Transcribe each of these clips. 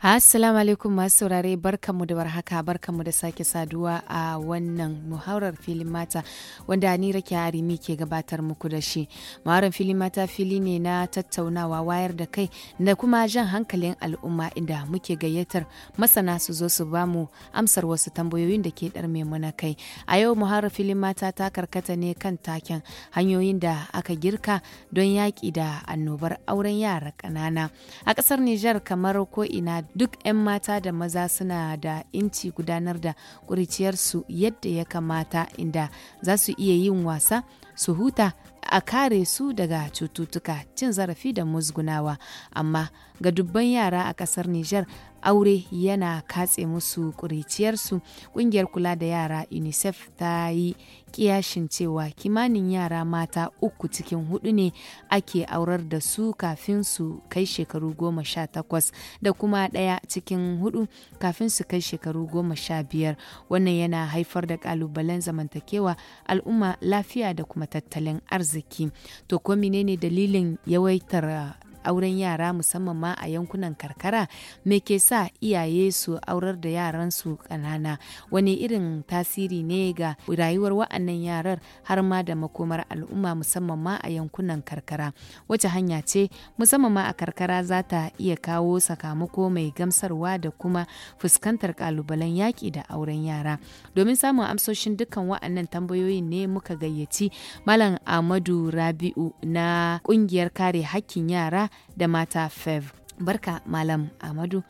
Assalamu alaikum masu saurare barkanmu da warhaka barkanmu da sake saduwa a wannan muhaurar filin mata wanda ni rake ke gabatar muku da shi. Muhaurar filin mata fili ne na tattaunawa wayar da kai da kuma jan hankalin al'umma inda muke gayyatar masana su zo su bamu amsar wasu tambayoyin da ke ɗarme muna kai. A yau muhaurar filin mata ta karkata ne kan taken hanyoyin da aka girka don yaƙi da annobar auren yara ƙanana. A ƙasar Nijar kamar ko ina duk 'yan mata da maza suna da inci gudanar da ƙuriciyarsu yadda ya kamata inda za su iya yin wasa su huta a kare su daga cututtuka cin zarafi da musgunawa amma ga dubban yara a kasar Nijar aure yana katse musu kuriciyarsu kungiyar kula da yara UNICEF ta yi kiyashin cewa kimanin yara mata uku cikin hudu ne ake aurar da su kafin su kai shekaru goma sha takwas da kuma ɗaya cikin hudu kafin su kai shekaru goma sha biyar wannan yana haifar da kalubalen zamantakewa al'umma lafiya da kuma tattalin arziki to ko menene dalilin yawaitar auren yara musamman ma a yankunan karkara me ke sa iyaye su aurar da yaran su kanana wani irin tasiri ne ga rayuwar wa'annan yarar har ma da makomar al'umma musamman ma a yankunan karkara wace hanya ce musamman ma a karkara za ta iya kawo sakamako mai gamsarwa da kuma fuskantar kalubalen yaƙi da auren yara domin samun amsoshin dukkan wa'annan tambayoyin ne muka gayyaci malam amadu rabi'u na ƙungiyar kare hakkin yara da mata fev barka malam amadu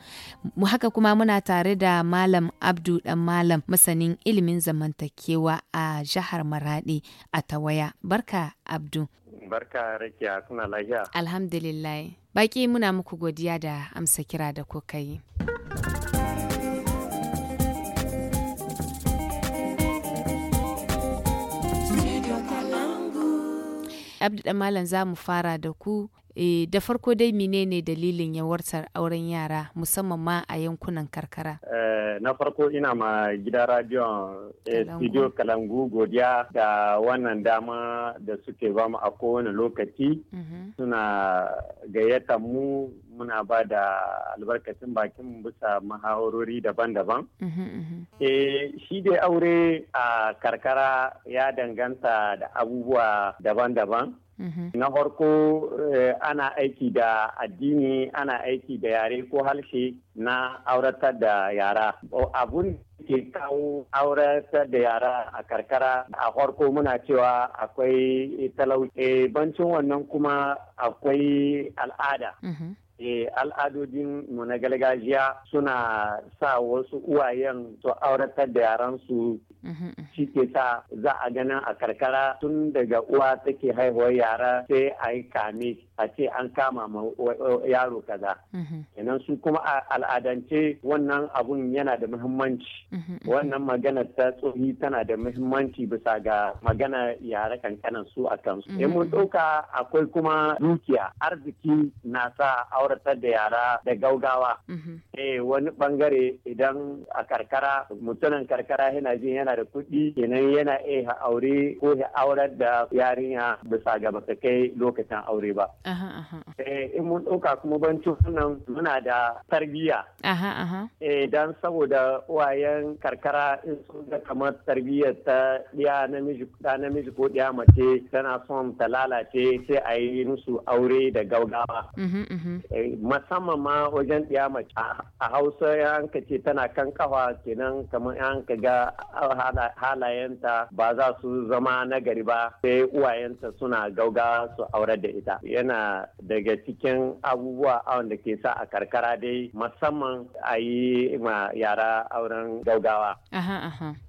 mu haka kuma muna tare da malam abdu dan malam masanin ilimin zamantakewa a jihar maradi a tawaya barka abdu barka rakiya kuna lafiya alhamdulillah baki muna muku godiya da amsa kira da kuka yi abdu dan malam za mu fara da ku E, da farko dai menene dalilin yawartar auren yara musamman ma a yankunan karkara? Eh, na farko ina ma gida radiyon eh, studio kalangu godiya da wannan dama da suke ba mu a kowane lokaci mhm. suna gayyata mu muna ba da albarkacin bakin bisa mahawarori daban-daban. Mhm, mhm. shi dai aure a karkara ya danganta da abubuwa daban-daban. Mm-hmm. Na farko eh, ana aiki da addini ana aiki da yare ko harshe na auratar da yara. Abun ke kawo auratar da yara a karkara a farko muna cewa akwai talauci. Eh, bancin wannan kuma akwai al'ada. Mm-hmm. Eh, al'adodin mu na gargajiya suna sa wasu uwayen su auratar da yaran su mhm, mhm. shi ke sa za a ganin a karkara tun daga uwa take haihuwar yara sai a yi kame a ce an kama ma yaro kaza mhm. kenan su kuma al'adance wannan abun yana da muhimmanci wannan magana ta tsohi tana da muhimmanci bisa ga magana yara kankanan su a kansu in mun ɗauka akwai kuma dukiya arziki na sa tsoratar da yara da gaugawa mhm. eh wani bangare idan a karkara mutumin karkara yana jin yana da kuɗi kenan yana iya aure ko ya aurar da yarinya bisa ga baka kai lokacin aure ba eh in mun ɗauka kuma bancin wannan muna da tarbiyya eh dan saboda uwayen karkara in sun ga kamar tarbiyyar ta ɗiya namiji da namiji ko ɗiya mace tana son ta lalace sai a yi musu aure da gaugawa mhm, mhm. Eh, musamman ma wajen mace a hausa ya ka ce tana kan kafa kenan kamar yan ka ga halayenta ba za su zama nagari ba sai uwayenta suna gauga su aure da ita yana daga cikin abubuwa wanda ke sa a karkara dai masamman a yi ma yara auren gaugawa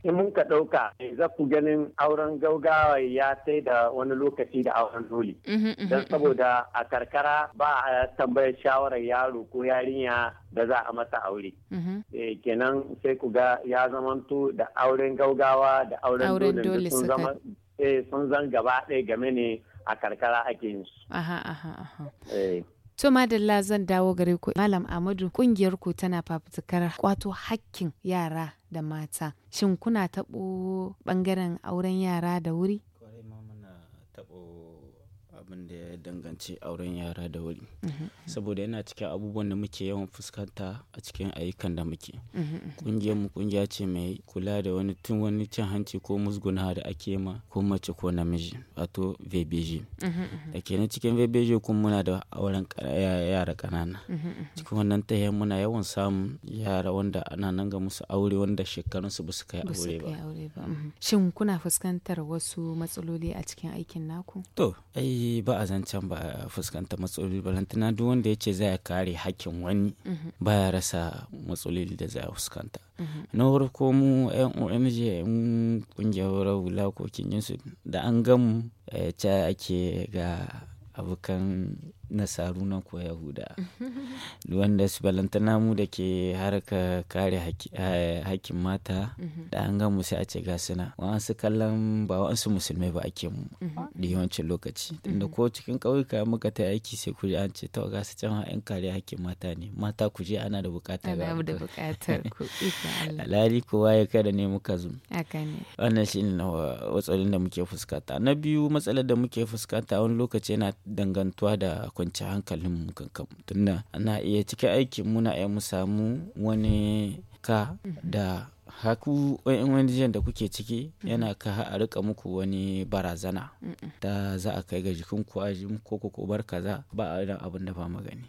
in mun ka ɗauka za ku ganin auren gaugawa ya sai da wani lokaci da auren doli mhm, mhm. don saboda a karkara ba a tambayar shawarar yaro ko yarinya da za a masa aure. Mm-hmm. Eh, kenan sai ku ga ya zamanto da auren gaugawa da auren dole sun zama eh, sun zan gaba ɗaya game ne a karkara ake yin su. Aha, aha, aha. Eh. To madalla zan dawo gare ku Malam Amadu kungiyar ku tana fafutukar kwato hakkin yara da mata. Shin kuna taɓo ɓangaren auren yara da wuri? abin da ya danganci auren yara da wuri mhm, mhm. saboda yana cikin abubuwan da muke yawan fuskanta a cikin ayyukan da muke kungiyar mhm, mu kungiya ce mai kula da wani tun wani cin hanci ko musguna da ake ma ko mace ko namiji wato vbg da na cikin vbg kuma muna da auren yara kanana cikin wannan ta muna yawan samun yara wanda ana nan ga musu aure wanda shekarunsu ba su kai aure ba shin kuna fuskantar wasu matsaloli a cikin aikin naku to ai ba a zancen ba a fuskanta matsaloli balantana duk wanda ya ce zai kare hakkin wani mhm. ba ya rasa matsaloli da zai fuskanta mhm. na farko mu yan ong kungiyar wula ko kinyin su da an gamu eh, ta ake ga abokan nasaru na ko yahuda mhm. wanda su balantana mu da ke harka kare eh, hakkin mata mhm. da an ga mu sai a ce ga suna wa'ansu kallon ba wa'ansu musulmai ba ake mu mhm. da yawancin lokaci tunda ko cikin ƙauyuka muka ta aiki sai ku an ce ta ga su can yan kare hakkin mata ne mata ku je ana da bukatar ga da bukatar ku alhali kowa ya kada ne muka zo wannan shi ne watsalin da muke fuskata na biyu matsalar da muke fuskanta wani lokaci yana dangantuwa da kwanci hankalin mu kankan tunda ana iya cikin aikin muna iya mu samu wani ka mhm. da haku ONG da kuke ciki yana ka a rika muku wani barazana ta za a kai ga jikin ku ajin ko ku bar kaza ba a irin abin da ba magani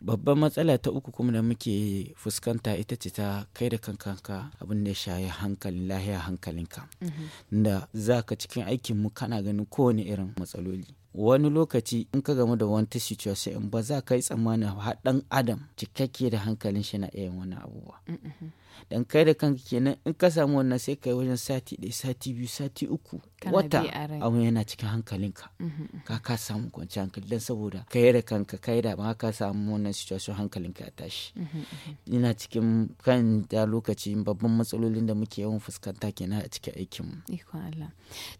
babban matsala ta uku kuma da muke fuskanta ita ce ta kai da kankanka abin da ya shaye hankalin lahiya hankalinka mm-hmm. da za ka cikin aikin mu kana ganin kowane irin matsaloli wani lokaci in ka gamu da wata situation ba za ka yi tsammanin haɗan adam cikakke da hankalin shi na iya wani abubuwa. dan kai da kanka kenan in ka samu wannan sai kai wajen sati ɗaya sati biyu sati uku wata abun yana cikin hankalinka mm-hmm. ka ka samu kwanci hankali dan saboda kai da kanka kai da ba ka samu wannan situation hankalinka ya tashi mm-hmm, mm-hmm. ina cikin kan da lokaci babban matsalolin da muke yawan fuskanta kenan a cikin aikin mu ikon Allah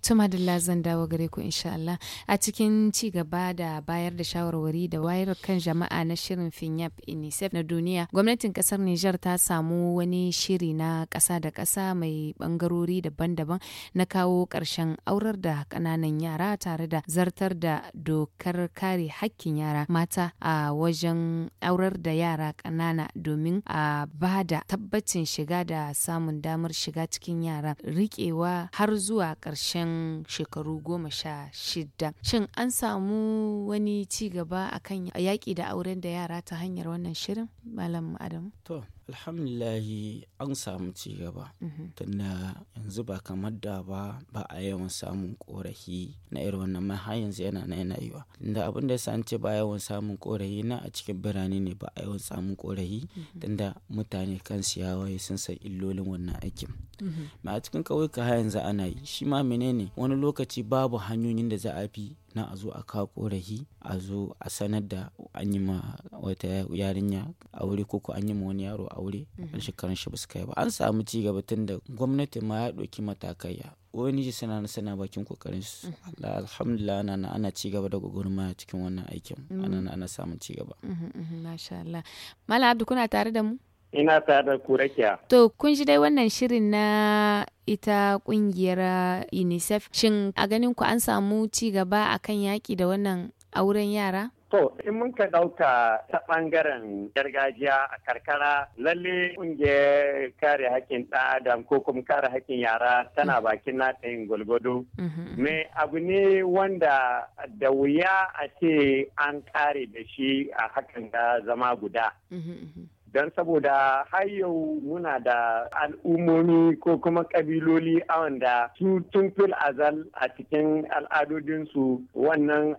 to madalla zan dawo gare ku insha Allah a cikin ci gaba da bayar da shawarwari da wayar kan jama'a na shirin FINYAP inisef na duniya gwamnatin kasar nijar ta samu wani shiri na ƙasa da ƙasa mai ɓangarori daban-daban na kawo ƙarshen aurar da ƙananan yara tare da zartar da dokar kare hakkin yara mata a wajen aurar da yara ƙanana domin a ba da tabbacin shiga da samun damar shiga cikin yara riƙewa har zuwa ƙarshen shekaru goma sha shida. Shin an samu wani ci gaba akan yaƙi da auren da yara ta hanyar wannan shirin? Malam Adamu. To, alhamdulahi an samu cigaba mhm. tunda yanzu ba kamar da ba ba a yawan samun korafi na irin wannan ma har yanzu yana na yana yiwa tunda abin da san ce ba yawan samun korafi na a cikin birane ne ba a yawan samun korafi mhm. tunda mutane kan siyawa ya san illolin wannan aikin mhm. ma a cikin ka har yanzu ana yi shi ma menene wani lokaci babu hanyoyin da za a fi na a zo a kawo ƙorafi a zo a sanar da an yi ma wata yarinya aure ko an yi ma wani yaro aure mhm. a shekarun shi ba su kai ba an samu ci gaba tun da gwamnati ma ya ɗauki matakai wani suna na sana bakin kokarin su mhm. alhamdulillah ana na ana ci gaba da gwagwarma cikin wannan aikin ana mhm. na ana samun ci gaba masha Allah mala abdu kuna tare da mu Ina ta da kurakiya. To, kun ji dai wannan shirin na ita kungiyar uh, UNICEF. Shin a ganin ku an samu ci gaba a kan yaƙi da wannan auren yara? To, in mun ka ɗauka ta ɓangaren gargajiya a karkara, lalle kungiyar kare haƙƙin ɗan adam ko kuma kare haƙƙin yara tana mm-hmm. bakin nata yin gwalgwado. Mm-hmm. Me abu ne wanda da wuya a ce an kare da shi a hakan da zama guda. Mm-hmm, don saboda har yau muna da al'ummomi ko kuma kabiloli a wanda su tun fil azal a cikin al'adodinsu wannan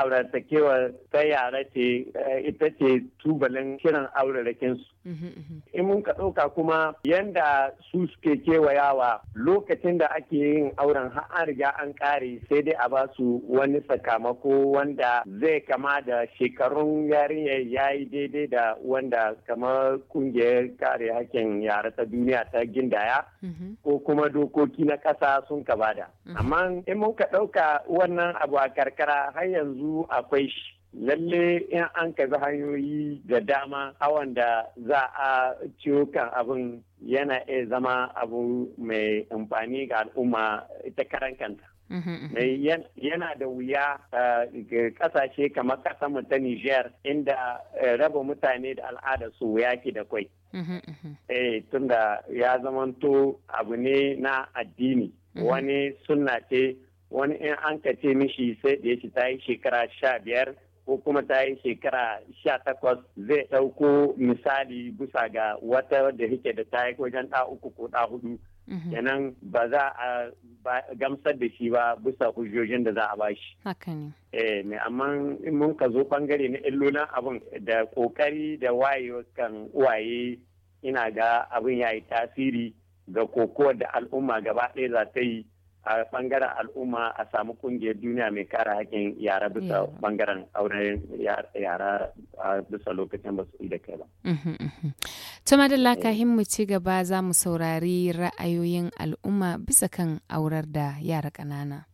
auratakewar ta yara ce eh, ita ce tubalin kiran aurarakinsu. In mun ka ɗauka kuma yanda su suke kewayawa lokacin da ake yin auren har an riga an ƙare sai dai a ba su wani sakamako wanda zai kama da shekarun yarinyar yi daidai da wanda ka kamar kungiyar kare hakkin yara ta duniya ta gindaya mhm. ko kuma dokoki na kasa sun ka bada mhm. amma in mun ka ɗauka wannan abu a karkara har yanzu akwai shi lalle in an kaza hanyoyi da dama awan da za a ciwo kan abin yana iya zama abu mai amfani ga al'umma ita karan kanta Mm-hmm. Eh, yana da wuya ga eh, kasashe kamar mu ta Nijar inda eh, raba mutane da al'ada su wuya yaki da kwai. Mm-hmm, mm-hmm. tunda ya zamanto abu ne na addini wani suna ce wani in an ce mishi sai da shi ta yi shekara sha biyar ko kuma ta yi shekara sha takwas zai ɗauko misali bisa ga wata da yake da ta yi wajen ɗa uku ko ɗa hudu. Mhm. kenan ba za a gamsar da shi ba bisa hujjojin da za a ba shi. ne. Eh, amma in mun ka zo bangare na illolin abin da kokari da wayo kan uwaye ina ga abin ya yi tasiri ga kokowar da al'umma gaba ɗaya za ta yi a bangaren al'umma a samu kungiyar duniya mai kare hakkin yara bisa bangaren auren yara bisa lokacin ba su da kai ba. Tuma da lakahin eh. mu ci gaba za mu saurari ra'ayoyin al'umma bisa kan aurar da yara ƙanana.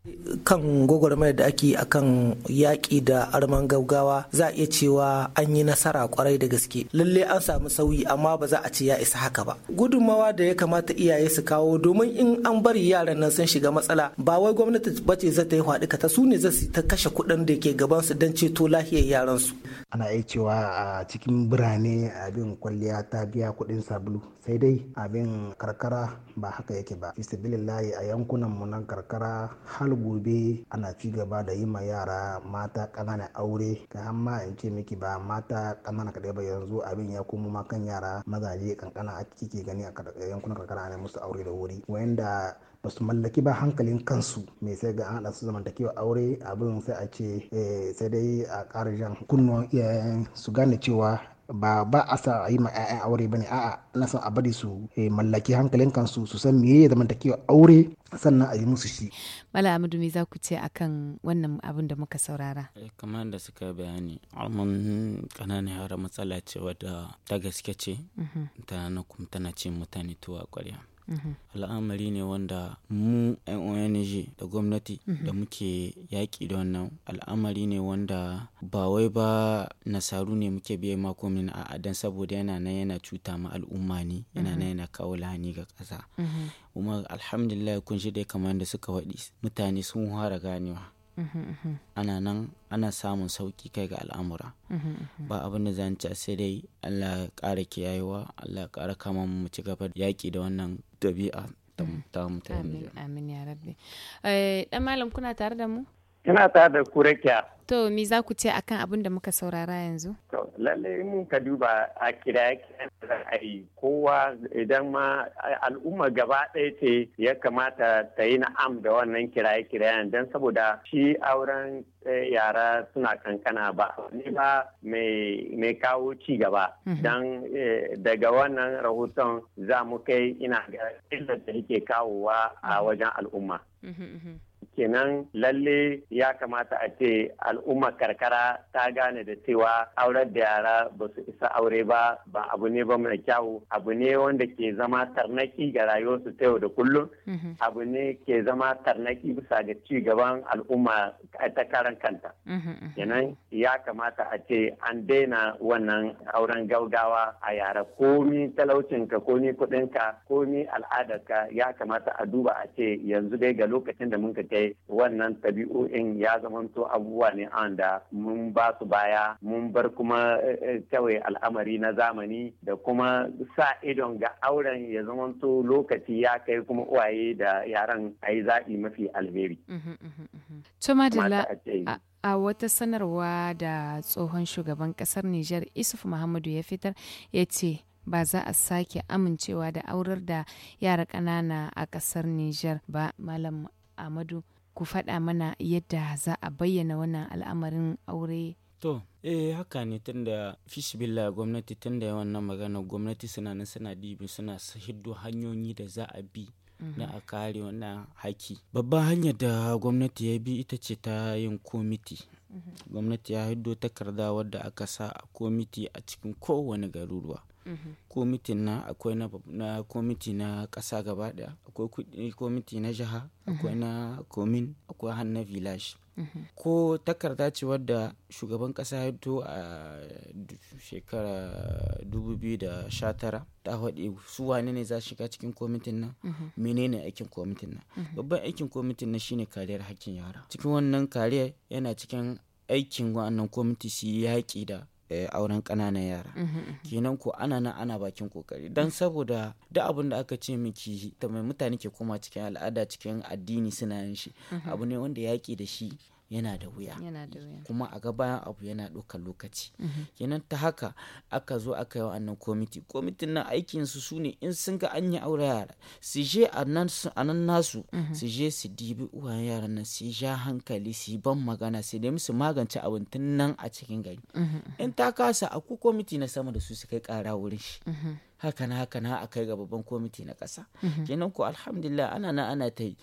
Kan gwagwarmayar da ake a kan yaƙi da arman gaugawa za a iya cewa an yi nasara kwarai da gaske. Lalle an samu sauyi amma ba za a ce ya isa haka ba. Gudunmawa da ya kamata iyaye su kawo domin in an bari yaran nan sun shiga matsala ba wai gwamnati ce za ta yi haɗuka ta su ne za su ta kashe kuɗin da ke gaban su don ceto lafiyar yaran su ana iya cewa a cikin birane abin kwalliya ta biya kuɗin sabulu sai dai abin karkara ba haka yake ba fisibilillahi a yankunan mu nan karkara hal gobe ana ci gaba da yi ma yara mata kanana aure ka hamma in ce miki ba mata ƙanana kaɗai ba yanzu abin ya komo ma kan yara mazaje kankana a kike gani a yankunan karkara ne musu aure da wuri wanda basu su mallaki ba hankalin kansu mai sai ga ana su zamantakewa aure abin sai a ce eh, sai dai a ƙara jan kunnuwan iyayen su gane cewa ba ba a sa a yi ma 'ya'yan aure ba bane a'a ana son a bari su eh, mallaki hankalin kansu su san meye zamantakewa aure sannan a yi musu shi mala amadu me za ku ce akan wannan abin da muka saurara eh, kamar da suka bayani alman kananan yara matsala ce wadda ta gaske ce ta na kuma tana ce mutane tuwa kwarya al'amari ne wanda mu ONG da gwamnati da muke yaƙi da wannan al'amari ne wanda ba wai ba nasaru ne muke biya makomin a adan saboda yana nan yana cuta ma al'umma ne yana nan yana kawo lahani ga ƙasa mhm. kuma alhamdulillah kun shi dai kamar da suka waɗi mutane sun fara ganewa ana nan ana samun sauki kai ga al'amura ba abin da zan sai dai allah ƙara kiyayewa allah ƙara kama mu ci gaba da yaƙi da wannan ɗabi'a ta mu amin ya rabbi eh, ɗan malam kuna tare da mu Ina ta da kurekiya. To, mi za ku ce akan abin da muka saurara yanzu? To, lalle ka duba a kira da a yi kowa idan ma al'umma gaba ɗaya ce ya kamata ta yi na'am da wannan kiraye-kirayen don saboda shi auren eh, yara suna kankana ba ne ba mai kawo ci gaba mhm. don eh, daga wannan rahoton za mu kai ina ga illar da yake kawowa a mhm. wajen al'umma. Mhm, kenan lalle ya kamata a ce al'umma karkara ta gane da cewa aurar da yara ba su isa aure ba ba abu ne ba mai kyau abu ne wanda ke zama tarnaki ga rayuwarsu ta yau da kullum mhm. abu ne ke zama tarnaki bisa ga ci gaban al'umma ta karan kanta mhm, mhm. kenan ya kamata a ce an daina wannan auren gaugawa a yara komi talaucinka komi kuɗinka komi al'adarka ya kamata a duba a ce yanzu dai ga lokacin da mun ka kai wannan tabi'o'in ya zamanto abubuwa ne an da mun ba su baya mun bar kuma kawai eh, eh, al'amari na zamani da kuma sa idon ga auren ya zamanto lokaci ya kai kuma uwaye da yaran a yi zaɓi mafi alheri. Uhuh, uhuh, uhuh. a wata sanarwa da tsohon shugaban kasar Nijar Isuf Muhammadu ya fitar ya ce ba za a sake amincewa da aurar da yara ƙanana a kasar Nijar ba Malam Amadu ku faɗa mana yadda za a bayyana wannan al'amarin aure. To, eh haka ne tunda fishibilla gwamnati tunda yawan wannan magana gwamnati suna nan suna dibi suna hiddo hanyoyi da za a bi mhm. na a kare wannan haki. Babban hanyar da gwamnati ya bi ita ce ta yin komiti. Mhm. Gwamnati ya hiddo takarda wadda aka sa a komiti a cikin kowane garuruwa. komiti na akwai na komiti na ƙasa gaba ɗaya akwai komiti na jiha akwai na komin akwai har na village ko takarda ce wadda shugaban kasa ya to a shekara 2019 ta haɗe su wane ne za su shiga cikin komitin nan menene aikin komitin nan babban aikin komitin nan shine kariyar haƙƙin yara cikin wannan kariyar yana cikin aikin wannan komiti su yi yaƙi da Eh, auren ƙananan yara mhm, mhm. kenan ko ana nan ana bakin kokari don saboda duk abin da aka ce miki ta mai mutane ke koma cikin al'ada cikin addini suna yin shi mhm. abu ne wanda yaƙi da shi yana da wuya kuma a ga bayan abu yana ɗaukar lokaci mm-hmm. kenan ta haka aka zo aka yi wa'annan komiti komitin nan aikinsu su ne in sun ga an yi aure yara su je a nan nasu mm-hmm. su je su dibi uwayen yaran nan su ja hankali su ban magana su nemi su magance abin tun nan a cikin gari mm-hmm. in ta kasa akwai komiti na sama da su su kai kara wurin shi haka na haka na akai ga babban komiti na kasa kenan ko alhamdulillah ana na ana ta yi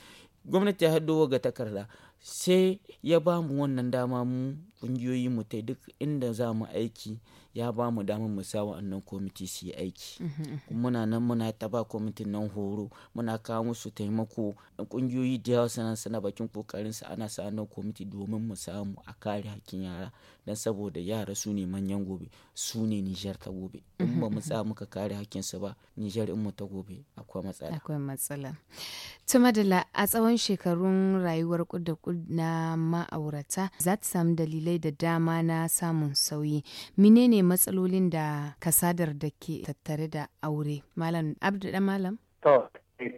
gwamnati ya haddo ga takarda sai ya ba mu wannan dama mu kungiyoyi mu ta duk inda za mu aiki ya ba mu damar mu sa wa'annan kwamiti su yi aiki mm-hmm. muna nan muna ta ba kwamitin nan horo muna kawo musu taimako kungiyoyi da yawa sana sana bakin kokarin su ana sa wannan kwamiti domin mu samu a kare hakkin yara dan saboda yara su ne manyan gobe su ne Nijar ta gobe in ba mu mm-hmm. sa muka kare hakkin su ba Nijar in mu ta gobe akwai matsala akwai matsala to a tsawon shekarun rayuwar ku na ma'aurata za ta samu dalilai da dama na samun sauyi. Menene matsalolin da kasadar da ke tattare da aure? Malam Abdu da Malam? To,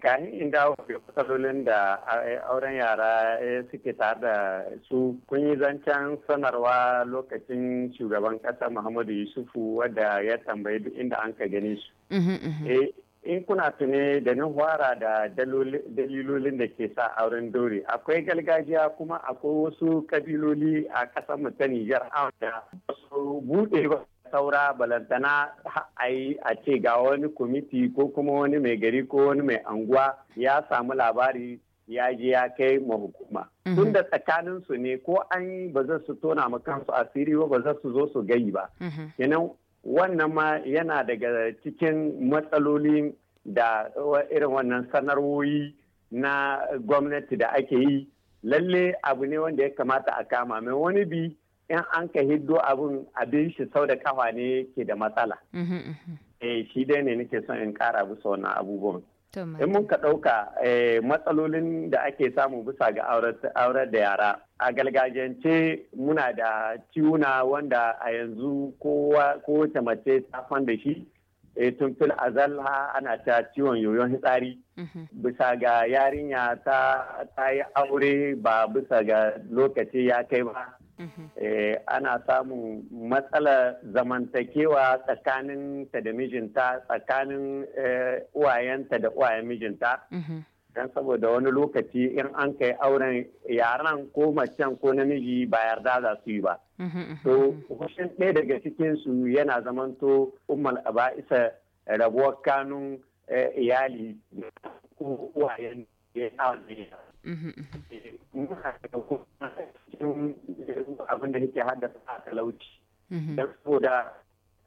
kayan inda da matsalolin da auren yara eh, suke tare da su kun yi zancen sanarwa lokacin shugaban kasa muhammadu yusufu wadda ya tambayi duk inda an ka gani su eh, in kuna tune da ni fara da dalilolin da ke sa auren dore akwai gargajiya kuma akwai wasu kabiloli a kasar mu ta Nijar da su buɗe ba saura balantana a yi a ce ga wani kwamiti ko kuma wani mai gari ko wani mai anguwa ya samu labari ya je ya kai ma hukuma. Mhm. Tun da tsakaninsu ne ko an yi ba za su tona ma kansu asiri ba ba za su zo su gayi ba. Mhm. wannan ma yana daga cikin matsaloli da irin wannan sanarwoyi na gwamnati da ake yi lalle abu ne wanda ya kamata a kama mai wani bi in an ka hiddo abin abin shi sau da kafa ne ke da matsala eh shi dai ne nake son in kara bisa wannan abubuwan in mun ka ɗauka eh, matsalolin da ake samu bisa ga aurar da yara a gargajiyance muna da ciwuna wanda a yanzu kowace mace ta da shi eh, tun fil azal ana ta ciwon yoyon hitsari mhm. bisa ga yarinya ta yi aure ba bisa ga lokaci ya kai ba Eh, ana samun matsala zamantakewa tsakanin tsakaninta da mijinta tsakanin eh, uwayenta da uwayen mijinta mhm. don saboda wani lokaci in an kai auren yaran ko macen ko namiji ba yarda za su yi ba mhm, mhm, to kushin ɗaya daga cikinsu yana zamanto ummal isa rabuwar kanun eh, iyali ko uwayen ya abin da yake haddasa a talauci don saboda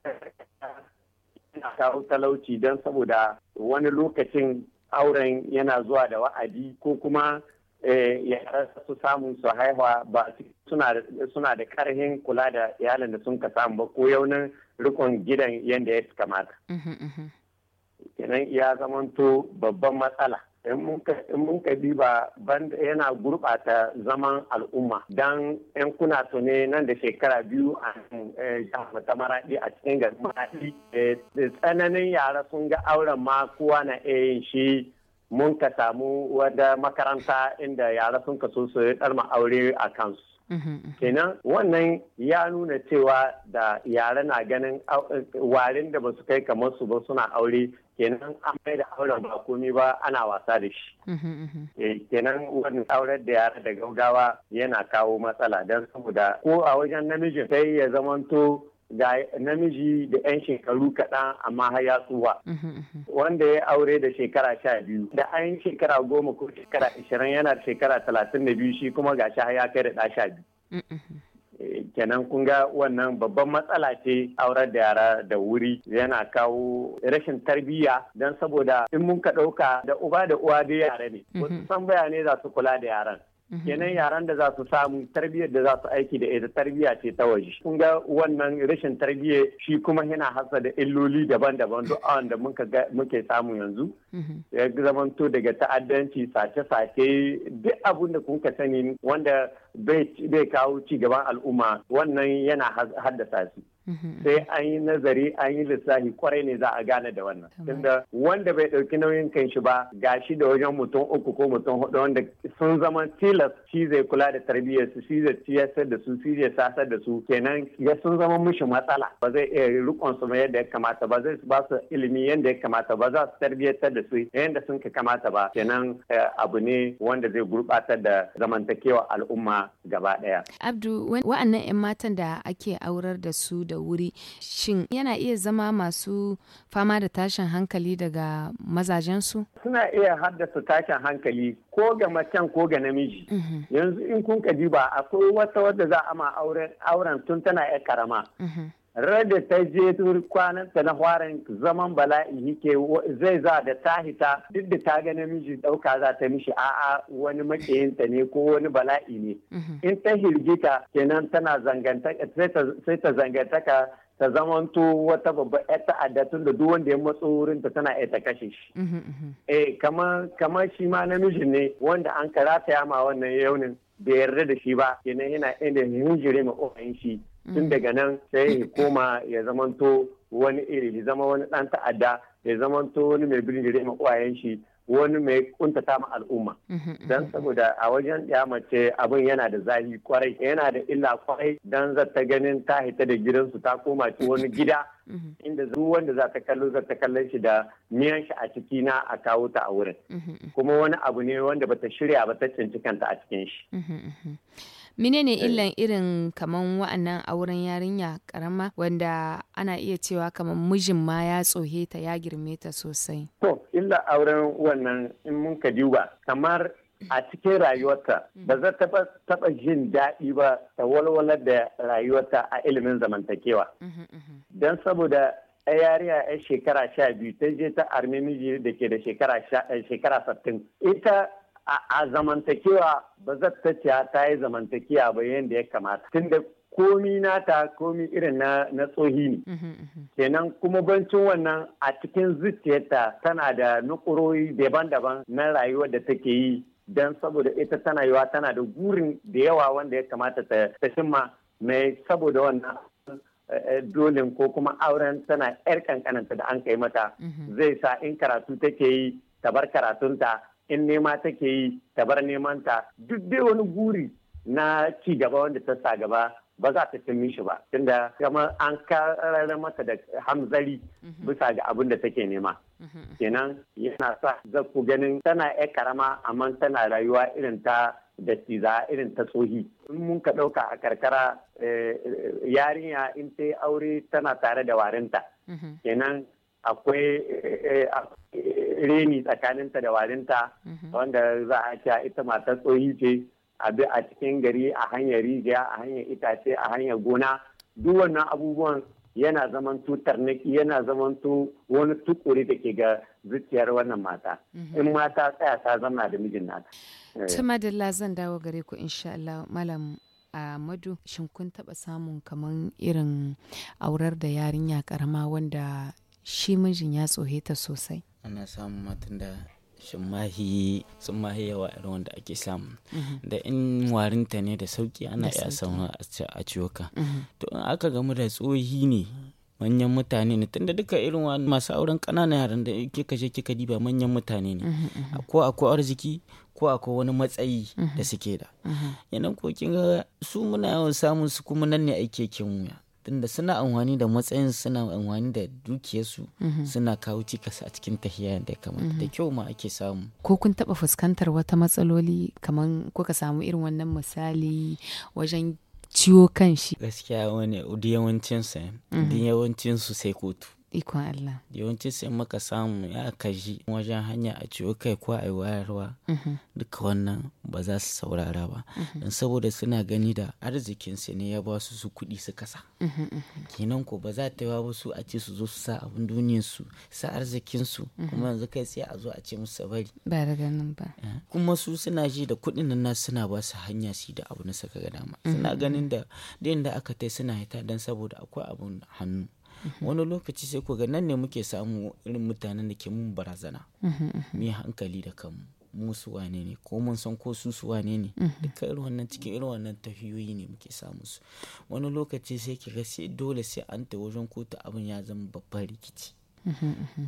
yana kawo talauci don saboda wani lokacin auren yana zuwa da wa'adi ko kuma eh, ya su samun su haihuwa ba suna da karhin kula da iyalin da sun ka samu ba ko yaunin rikon gidan yadda ya kamata. kenan ya zamanto babban matsala. in mun ka bi ba yana gurɓata zaman al'umma don yan kuna ne nan da shekara biyu a eh, jihar maraɗi a cikin gari maraɗi eh, tsananin yara sun ga auren ma kowa na yin shi mun ka samu wadda makaranta inda yara sun kaso su ɗarma aure a kansu mm-hmm, mm-hmm. kenan wannan ya nuna cewa da yara na ganin eh, warin da ba su kai kamar su ba suna aure kenan an bai da auren ba komi ba ana wasa da shi eh, kenan wani aurar da yara da gaugawa yana kawo matsala don saboda ko a wajen namijin sai ya zamanto ga namiji da 'yan shekaru kaɗan amma har ya tsuwa wanda ya aure da shekara sha biyu da an shekara goma ko shekara ashirin yana da shekara talatin da biyu shi kuma ga shi har ya kai da ɗa sha biyu mm, kenan kun ga wannan babban matsala ce aurar da yara da wuri yana kawo rashin tarbiyya don saboda in mun ka ɗauka da uba da uwa da yara ne wasu mhm. san bayanai za su kula da yaran Mm-hmm. kenan yaran da za su samu tarbiyyar da za su aiki da ita tarbiyya ce ta waje kun ga wannan rashin tarbiyya shi kuma yana hasa da illoli daban-daban duk da muke samu yanzu mm-hmm. ya zamanto daga ta'addanci sace-sace duk abun da kuka sani wanda bai kawo ci gaban al'umma wannan yana haddasa su Mhm. sai an yi nazari an yi lissafi kwarai ne za a gane da wannan tunda wanda bai ɗauki nauyin kan shi ba gashi da wajen mutum uku ko mutum hudu wanda sun zama tilas shi zai kula da tarbiyyar su shi zai ciyar da su shi zai sasar da su kenan ya sun zama mushi matsala ba zai iya rikon su yadda ya kamata ba zai ba su ilimi yadda ya kamata ba za su tarbiyyar da su yadda sun ka kamata ba kenan eh, abu ne wanda zai gurbatar da zamantakewa al'umma gaba daya. Abdu wa'annan 'yan matan da ake aurar da su da wuri shin yana iya zama masu fama da tashin hankali daga mazajensu? Suna iya haddasa tashin hankali ko ga macen ko ga namiji. Mm-hmm. Yanzu in kun ka ji ba akwai wata wadda za a ma auren tun tana 'yar karama. Mm-hmm. rada ta je kwananta na hwarin zaman bala'i yake zai za da ta hita duk da ta ga miji dauka za ta mishi a'a wani makiyinta ne ko wani bala'i ne mhm. in ta hirgita kenan tana sai ta zangantaka ta zamanto wata babba 'yar ta'adda tun da duk wanda ya matso wurin ta tana iya ta kashe shi mhm, mhm. eh kamar shi ma namiji ne wanda an karata ma wannan yaunin bai yarda da shi ba kenan yana inda hinjire ma ofayin shi tun daga nan sai ya koma ya zamanto wani iri ya zama wani ɗan ta'adda ya zamanto wani mai da ma kwayan shi wani mai kuntata ma al'umma mm-hmm, mm-hmm. don saboda a wajen ya mace abin yana da zahi kwarai yana da illa kwarai don zata ganin ta hita da gidansu ta koma ci wani gida mm-hmm. inda zuwa wanda za ta kallo za ta kallon shi da miyan shi a ciki na a kawo ta a wurin kuma wani abu ne wanda bata shirya ba ta cinci kanta a cikin shi menene eh. illan irin kaman wa'annan auren yarinya karama wanda ana iya cewa kaman mijin ma ya tsohe ta ya girme ta sosai to illa auren wannan in mun ka duba kamar a cikin rayuwarta mm. ba za ta taba jin daɗi ba ta walwalar da rayuwarta a ilimin zamantakewa uhuh, uhuh. don saboda a yariya a shekara sha biyu ta je ta armi miji da ke da shekara sattin eh, ita a zamantakewa ba zattaciya ta yi zamantakewa ba yadda ya kamata tunda komi nata komi irin na, tsohi ne uhm, uhm, uhm. kenan kuma bancin wannan a cikin zuciyarta tana da nukurori daban-daban na rayuwar da take yi don saboda ita tana yiwa tana da gurin da yawa wanda ya kamata ta ta shimma mai saboda wannan eh, eh, dolin ko kuma auren tana yar kankananta da an kai mata zai sa in karatu take yi ta bar karatunta in nema take yi ta bar neman ta duk dai wani guri na ci gaba wanda ta sa gaba ba za ta cin shi ba tunda kama an karar mata da hamzari mhm. bisa ga abin da take nema mhm. kenan yana sa za ku ganin tana ya karama amma tana rayuwa irin ta da ciza irin ta tsohi in mun ka ɗauka a karkara eh, yarinya in ta aure tana tare da warinta mhm. kenan akwai eh, eh, reni tsakaninta da warinta mhm. wanda za a cewa ita matar tsohi ce a bi a cikin gari a hanyar rijiya a hanyar itace a hanyar gona duk wannan abubuwan yana zamanto tarnaki yana tu wani tukuri da ke ga zuciyar wannan mata mhm. in mata tsaya ta zama da mijin nata eh. tumadilla zan dawo gare ku insha Allah malam Ahmadu shin kun taba samun kamar irin aurar da yarinya karama wanda shi mijin ya tsohe ta sosai ana samun matan da shimahi sun mahi yawa irin wanda ake samu mm-hmm. da in warinta ne da sauki ana iya samu a ciwoka mm-hmm. to in aka gamu da tsohi ne manyan mutane ne tunda duka irin wani masu auren ƙananan yaran da ke kashe kika diba manyan mutane ne mm-hmm, ko akwai arziki ko akwai wani matsayi da suke da yanan ko kin ga su muna yawan samun su kuma nan ne ake kin wuya tunda suna amfani da matsayin suna amfani da dukiyarsu mhm. suna kawo cikas a cikin tahiya da da mhm. kyau ma ake samu ko kun taba fuskantar wata matsaloli kamar kuka samu irin wannan misali wajen ciwo kan shi gaskiya wani yawancinsu mhm. sai kotu ikon Allah yawanci sai maka samu ya kaji wajen hanya a ce kai ko a yi wayarwa mhm. duka wannan ba za su saurara ba mhm. don saboda suna gani da arzikin su ne ya ba su su kuɗi su kasa mhm, kenan ko ba za ta ba su a ce su zo su sa abin duniyar su sa arzikin su kuma yanzu kai sai a zo a ce musu bari ba da ganin ba eh. kuma su suna ji da kuɗin nan suna ba su hanya su da abu na saka ga dama suna ganin da da aka tai suna hita don saboda akwai abun hannu Mhm. wani lokaci sai ku ga nan ne muke samu irin mutanen da ke mun barazana mhm, mhm. mu hankali da kanmu mu wane ne ko mun san ko su su wane ne duka irin wannan cikin irin wannan tafiyoyi ne muke samu su wani lokaci sai ki ga sai dole sai an ta wajen kotu abin ya zama babban rikici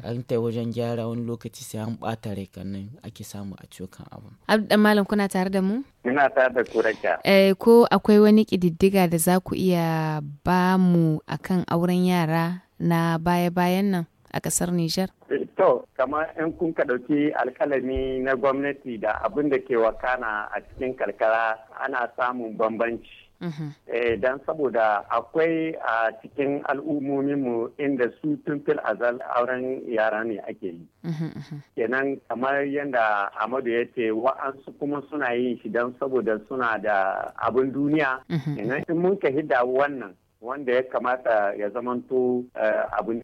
an ta wajen gyara wani lokaci sai an bata rai kannan ake samu a cokan abu abdan malam kuna tare da mu ina tare da kuraka eh ko akwai wani kididdiga da za ku iya ba mu akan auren yara na baya-bayan nan a kasar Nijar? To, kamar in kun ka ɗauki alkalami na gwamnati da abin da ke wakana a cikin karkara ana samun bambanci. Mm-hmm. Eh, don saboda akwai a cikin al'ummominmu inda su tun azal auren yara ne ake yi mm-hmm, mm-hmm. kenan kamar yadda amadu ya ce wa'ansu kuma suna yin shi don saboda suna da abin duniya kenan in mun ka hidda wannan wanda ya kamata ya zamanto eh, abin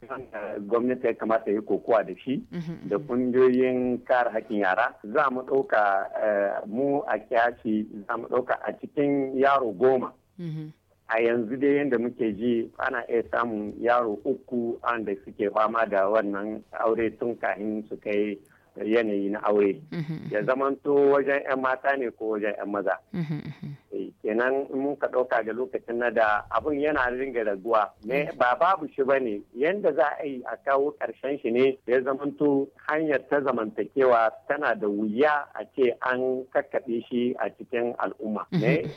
gwamnati ya kamata ya kokowa da shi mhm, mhm. da kungiyoyin kare hakkin yara za mu ɗauka eh, mu a kyashi za mu ɗauka a cikin yaro goma mhm. a yanzu dai yadda muke ji ana iya samun yaro uku da suke fama da wannan aure tun kahin su kai yanayi na aure mm-hmm, mm-hmm. ya zamanto wajen 'yan mata ne ko wajen 'yan maza mm-hmm, eh, kenan mun ka ɗauka da lokacin na da abun yana ringa raguwa ne ba babu shi ba ne yadda za a yi a kawo ƙarshen shi ne ya zamanto hanyar ta zamantakewa tana da wuya a ce an kakkaɓe shi a cikin al'umma ne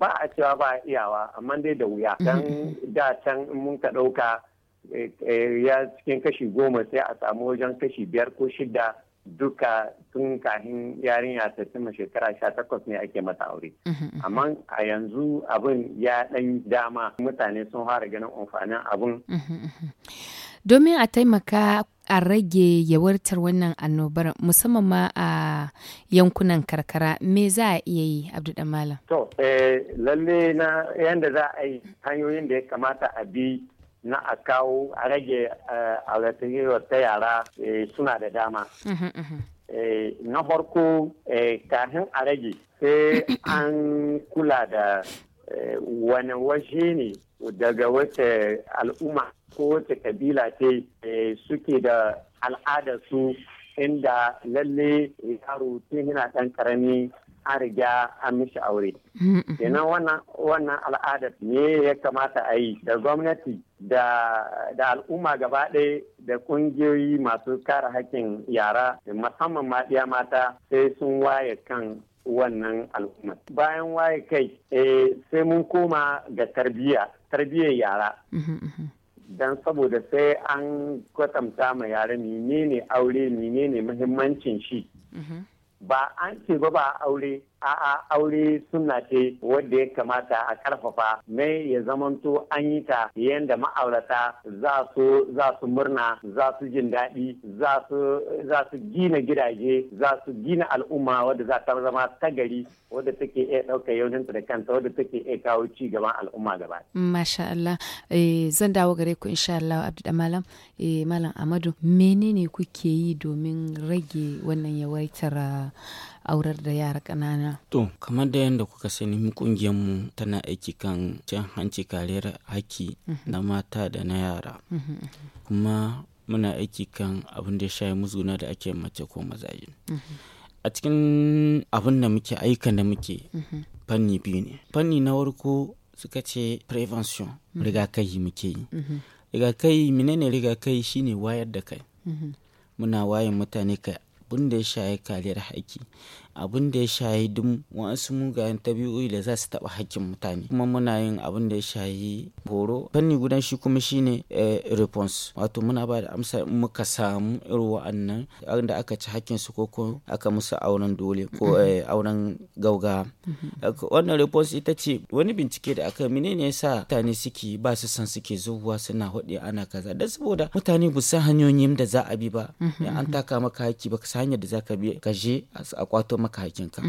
ba a cewa ba iyawa amma dai da wuya dan da can mun ka ɗauka eh, eh, ya cikin kashi goma sai a samu wajen kashi biyar ko shidda. duka tun kahin yarinya ta cima shekara sha takwas ne ake mata aure mhm, mhm. amma a yanzu abin ya ɗan dama mutane sun fara ganin amfanin abin mhm, domin a taimaka a rage yawartar wannan annobar musamman ma a yankunan karkara me za a iya yi abdulmalam to eh, lalle na yadda za a yi hanyoyin da ya kamata a bi na a kawo a rage eh, alatariyar ta yara eh, suna da dama. Mhm, mhm. Eh, na farko kafin a rage sai an kula da wani waje ne daga wace al'umma ko wata kabila ce suke da al'adarsu inda lalle yaro tun yana ɗan karami a riga an mishi aure. Mhm, Kenan wannan al'adar ne ya kamata a yi da gwamnati da, da al'umma gaba ɗaya da ƙungiyoyi masu kare hakkin yara musamman maɗiya mata sai sun waye kan wannan al'umma bayan waye kai e sai mun koma ga tarbiyya tarbiyyar yara don saboda sai an kwatanta ma yara menene aure menene muhimmancin shi ba an ce ba ba aure a'a aure suna ce wadda ya kamata a karfafa mai ya zamanto an yi ta yadda ma'aurata za su za su murna za su jin daɗi za su gina gidaje za su gina al'umma wadda za ta zama ta gari wadda take iya ɗauka yaunin da kanta wadda take iya kawo ci gaban al'umma gaba. Masha Allah eh, zan dawo gare ku insha Allah Abdu Malam eh, Malam Amadu menene kuke yi domin rage wannan yawaitar aurar da yara ƙanana. To, kamar da yadda kuka sani mu mu tana aiki kan can hanci kariyar haki mhm. na mata da na yara. Mhm, mhm. Kuma muna aiki kan abin da ya shaye muzuna da ake mace ko mazaje. A cikin abin da muke aikan da muke fanni biyu ne. Fanni na warko suka ce prevention rigakafi muke yi. Rigakafi menene rigakafi shine wayar da kai. Muna wayan mutane kai bunda ya shaye kariyar haƙƙi. abin da ya shayi dun wasu mugayen tabi'o'i da za su taɓa hakkin mutane kuma muna yin abin da ya shayi horo fanni gudan shi kuma shine eh, response wato muna ba da amsa in muka samu irin wa'annan da aka ci hakkin su ko aka musu auren dole ko mm-hmm. eh, auren gauga mm-hmm. wannan response ita ce wani bincike da aka menene yasa mutane suke ba su san suke zuwa suna hudi ana kaza dan saboda mutane bu san hanyoyin da za a bi ba mm-hmm. an taka maka haki ba ka san hanyar da za ka bi ka je a kwato maka hakinka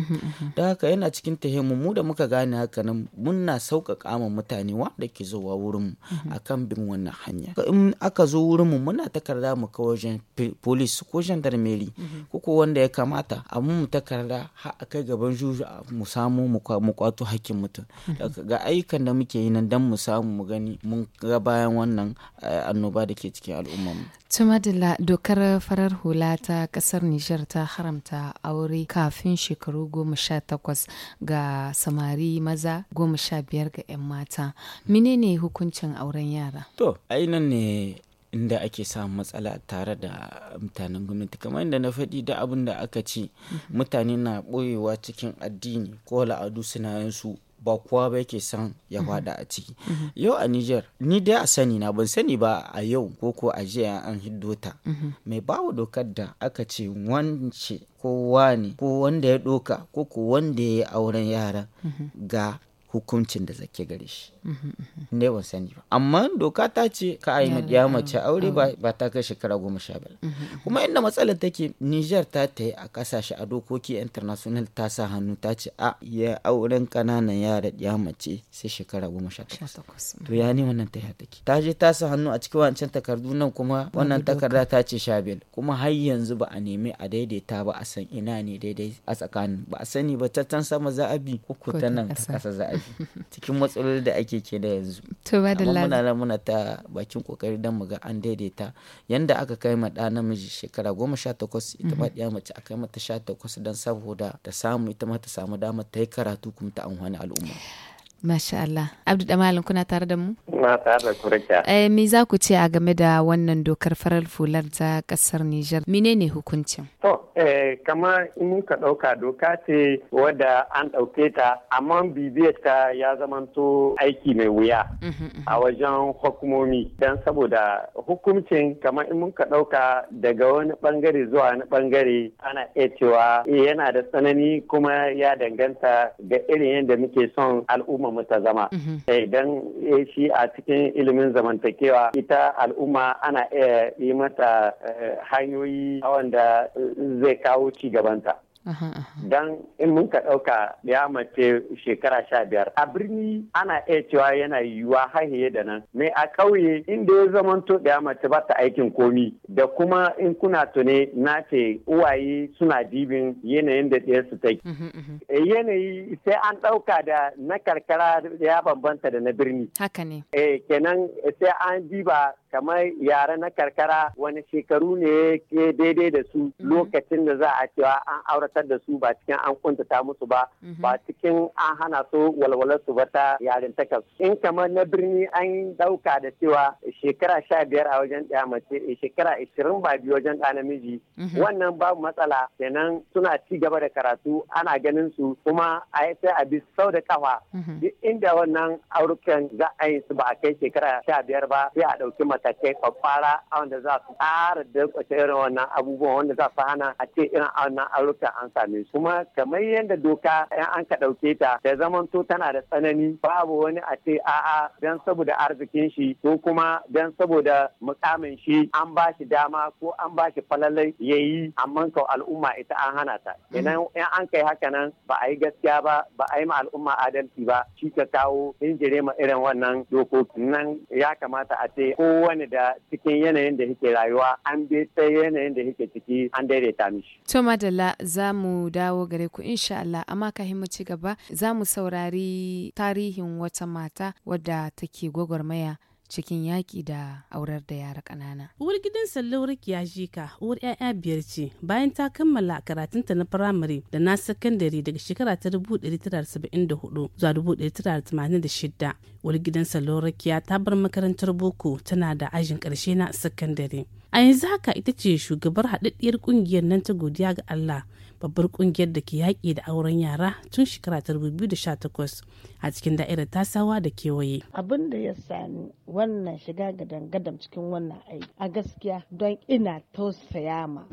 da haka yana cikin tahimu mu da muka gane haka nan muna sauƙaƙa ma mutane wanda ke zuwa wurin mu akan bin wannan hanya in aka zo wurin mu muna takarda mu ka wajen police ko gendarmerie ko ko wanda ya kamata a mu takarda har a kai gaban juju mu samu mu kwato hakkin mutum ga ayyukan da muke yi nan dan mu samu mu gani mun ga bayan wannan eh, annoba da ke cikin al'ummar mu tumadila dokar farar hula ta kasar Nijar ta haramta aure kafin tun shekaru goma sha takwas ga samari maza goma sha biyar ga 'yan mata menene hukuncin auren yara to ainihin ne inda ake samun matsala tare da mutanen gwamnati kamar inda na faɗi da abin da aka ce mhm. mutane na ɓoyewa cikin addini ko al'adu suna su ba kowa ba yake son ya mhm. fada a ciki mhm. yau a niger ni dai a sani na ban sani ba a yau ko ko a jiya an hiddota mhm. mai bawa dokar da aka ce wance ko wani ko wanda ya doka ko ko wanda ya yi auren yara ga hukuncin da zake gare shi ne ban sani ba amma doka ta ce ka a yi ya mace aure ba ta kai shekara goma sha biyar kuma inda matsalar take nijar ta ta yi a kasashe a dokoki international ta sa hannu ta ce a ya auren kananan yara ya mace sai shekara goma sha takwas to ya ne wannan ta take ta je ta sa hannu a cikin wancan takardu nan kuma wannan takarda ta ce sha biyar kuma har yanzu ba a nemi a daidaita ba a san ina ne daidai a tsakanin ba a sani ba ta can sama za a bi ko ta nan ƙasa za a cikin matsaloli da ake ke da yanzu amma muna nan muna ta bakin kokari don mu ga an daidaita yanda aka kai ma ɗa namiji shekara goma sha takwas ita ma mhm. ɗiya mace a kai mata sha takwas don saboda ta samu ita ma ta samu dama ta yi karatu kuma ta amfani al'umma Masha Allah. Abdu Damalin kuna tare da mu? Na tare da kurka. Eh, me za ku ce a game da wannan dokar farar fular ta kasar Nijar? Menene hukuncin? To, Eh, kama kamar in ka ɗauka doka ce wadda an ɗauke ta amma bibiyar ta ya zamanto aiki mai wuya a wajen hukumomi don saboda hukuncin kama in muka ɗauka daga wani bangare zuwa wani bangare ana iya cewa eh, yana da tsanani kuma ya danganta ga irin yadda muke son al'umma mu ta zama eh, shi a cikin ilimin zamantakewa ita al'umma ana iya yi mata hanyoyi wanda zai kawo ci gabanta don in mun ka ɗauka ya mace shekara sha biyar a birni ana iya cewa yana yiwuwa haihaye da nan mai a ƙauye inda ya zamanto ya mace ba ta aikin komi da kuma in kuna tune na ce uwaye suna dibin yanayin da ɗaya su ta yanayi sai an ɗauka da na karkara ya bambanta da na birni haka ne eh, kenan sai an diba kamar yare na karkara wani shekaru ne ke daidai da su mhm. lokacin da za a cewa an auratar da su ba cikin an kuntata musu ba mhm. ba cikin an hana su walwalar su ba ta takas. in kamar na birni an dauka da cewa shekara sha biyar a wajen ɗaya mace eh, shekara ishirin ba biyu wajen ɗa namiji mhm. wannan babu matsala kenan suna ci gaba da karatu ana ganin su kuma a sai a bi sau da kafa duk inda wannan aurukan za a yi su ba a kai shekara sha biyar ba sai a ɗauki matakai kwakwara wanda za su ƙara dalƙwace irin wannan abubuwan wanda za su hana a ce irin wannan ayyuka an same su kuma kamar yadda doka in an ka ɗauke ta da to tana da tsanani babu wani a ce a'a don saboda arzikin shi ko kuma don saboda mukamin shi an ba shi dama ko an ba shi falalai ya yi amma kau al'umma ita an hana ta idan in an kai haka nan ba a yi gaskiya ba ba a yi ma al'umma adalci ba shi ka kawo injire ma irin wannan dokokin nan ya kamata a ce kowa kowane da cikin yanayin da yake rayuwa an bi sai yanayin da yake ciki an daidaita mishi. To Madalla za mu dawo gare ku insha Allah amma ka mu ci gaba za mu saurari tarihin wata mata wadda take gwagwarmaya cikin yaƙi da aurar da yara ƙanana. Uwar gidan Sallaurik ya ka uwar 'ya'ya biyar ce bayan ta kammala karatunta na firamare da na sakandare daga shekara ta 1974 zuwa 1986. Uwar gidan Sallaurik ta bar makarantar boko tana da ajin ƙarshe na sakandare. A yanzu haka ita ce shugabar haɗaɗɗiyar ƙungiyar nan ta godiya ga Allah babbar kungiyar da ke yaƙi da auren yara tun shekara ta 2018 a cikin da'irar tasawa da kewaye. Abin da ya sami wannan shiga ga dangadam cikin wannan aiki a gaskiya don ina tausaya ma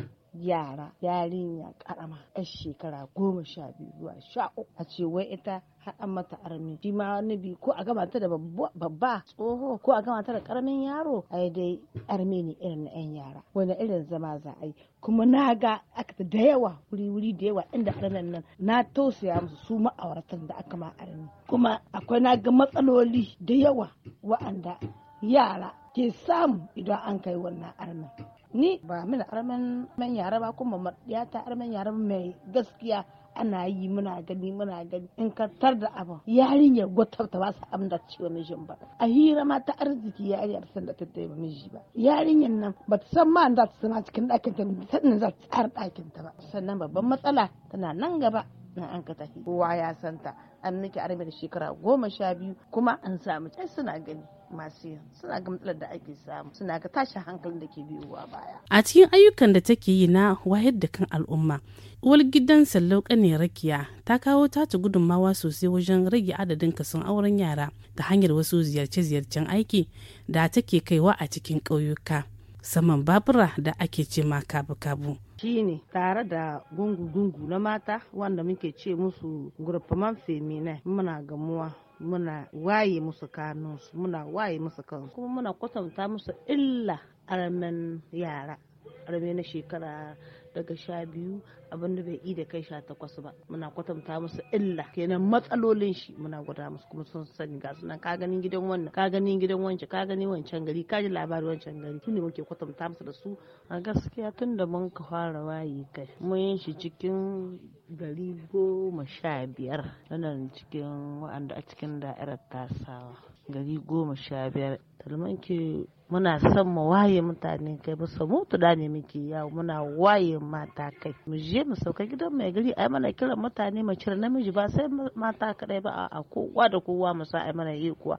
yara yarinya karama yar shekara goma sha biyu zuwa sha uku a ce wai ita haɗa mata armi shi ma wani bi ko a gabata da babba tsoho ko a gabata da karamin yaro ai dai armi ne irin na yan yara wani irin zama za a yi kuma na ga aka da yawa wuri wuri da yawa inda armin nan na tausaya musu su ma'auratan da aka ma armi kuma akwai na ga matsaloli da yawa wa'anda yara ke samu idan an kai wannan armin ni ba mina armen yara ba kuma ya ta armen yara mai gaskiya ana yi muna gani muna gani in ka tar da yarin ya gwatabta ba su amda cewa mijin ba a hira ma ta arziki yarinyar san da ta taiba miji ba yarinyar nan ba ta san ma za ta sana cikin ɗakin ta sannan za ta tsara ɗakin ta ba sannan babban matsala tana nan gaba na an ka tafi kowa ya santa an nake armiyar shekara goma sha biyu kuma an samu suna gani masu suna ga matsalar da ake samu suna ga tashin hankalin da ke biyowa baya a cikin ayyukan da take yi na wayar da kan al'umma uwar gidan sallau kane rakiya ta kawo tace gudunmawa sosai wajen rage adadin kason auren yara ta hanyar wasu ziyarce-ziyarcen aiki da take kaiwa a cikin ƙauyuka saman babura da ake ce ma kabu-kabu shine tare da gungu-gungu na mata wanda muke ce musu gurfaman femina muna gamuwa muna waye musu kanunsu muna waye musu kansu kuma muna kwatanta musu illa armen yara arme na shekara daga sha biyu abin da bai yi da kai sha takwas ba muna kwatanta musu illa kenan matsalolin shi muna gwada musu kuma sun sani ga sunan ka ganin gidan wannan ka ganin gidan wancan ka gani wancan gari ka ji labari wancan gari tunda muke kwatanta musu da su a gaskiya tun da mun ka fara wayi kai mun yin shi cikin gari goma sha biyar nan cikin wa'anda a cikin da'irar tasawa gari goma sha biyar talman ke muna son mu waye mutane kai mu samu da ne muke yawo muna waye mata kai mu je mu sauka gidan mai gari ai mana kiran mutane mu cire namiji ba sai mata kadai ba a kowa da kowa mu sa ai mana yi kuwa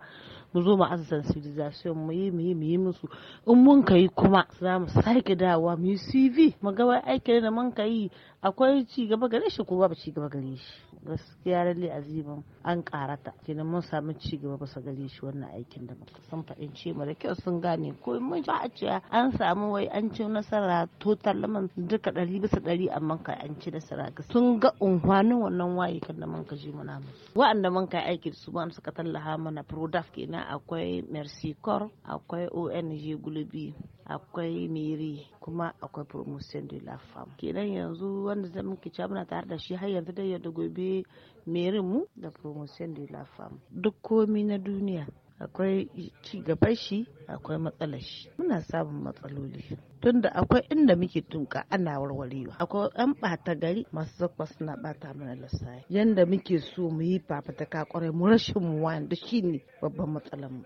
mu zo mu azan civilization mu yi mu yi mu yi musu in mun kai kuma za mu sake dawa mu yi CV mu ga wai aikin da mun kai akwai ci gaba gare shi ko babu ci gaba gare shi gaskiya lalle azimin an karata kenan mun samu ci gaba ba gare shi wannan aikin da muka san fahimce mu da kyau sun gane ko mun ba a cewa an samu wai an ci nasara total laman duka ɗari bisa ɗari amma ka an ci nasara sun ga unhwanin wannan waye kan da mun ka je muna mu wa'anda mun ka aiki su ma suka tallaha mana prodaf kenan akwai mercy corps akwai ong gulubi akwai miri kuma akwai promotion de la femme kenan yanzu wanda zan muke cewa muna tare da shi har yanzu dai yadda gobe merin mu da promotion de la femme duk komi na duniya akwai ci gaban shi akwai matsalar shi muna samun matsaloli tunda akwai inda muke tunka ana warwarewa akwai yan bata gari masu zakwa suna bata mana lissafi yanda muke so mu yi fafataka kwarai mu rashin mu wanda shine babban matsalar mu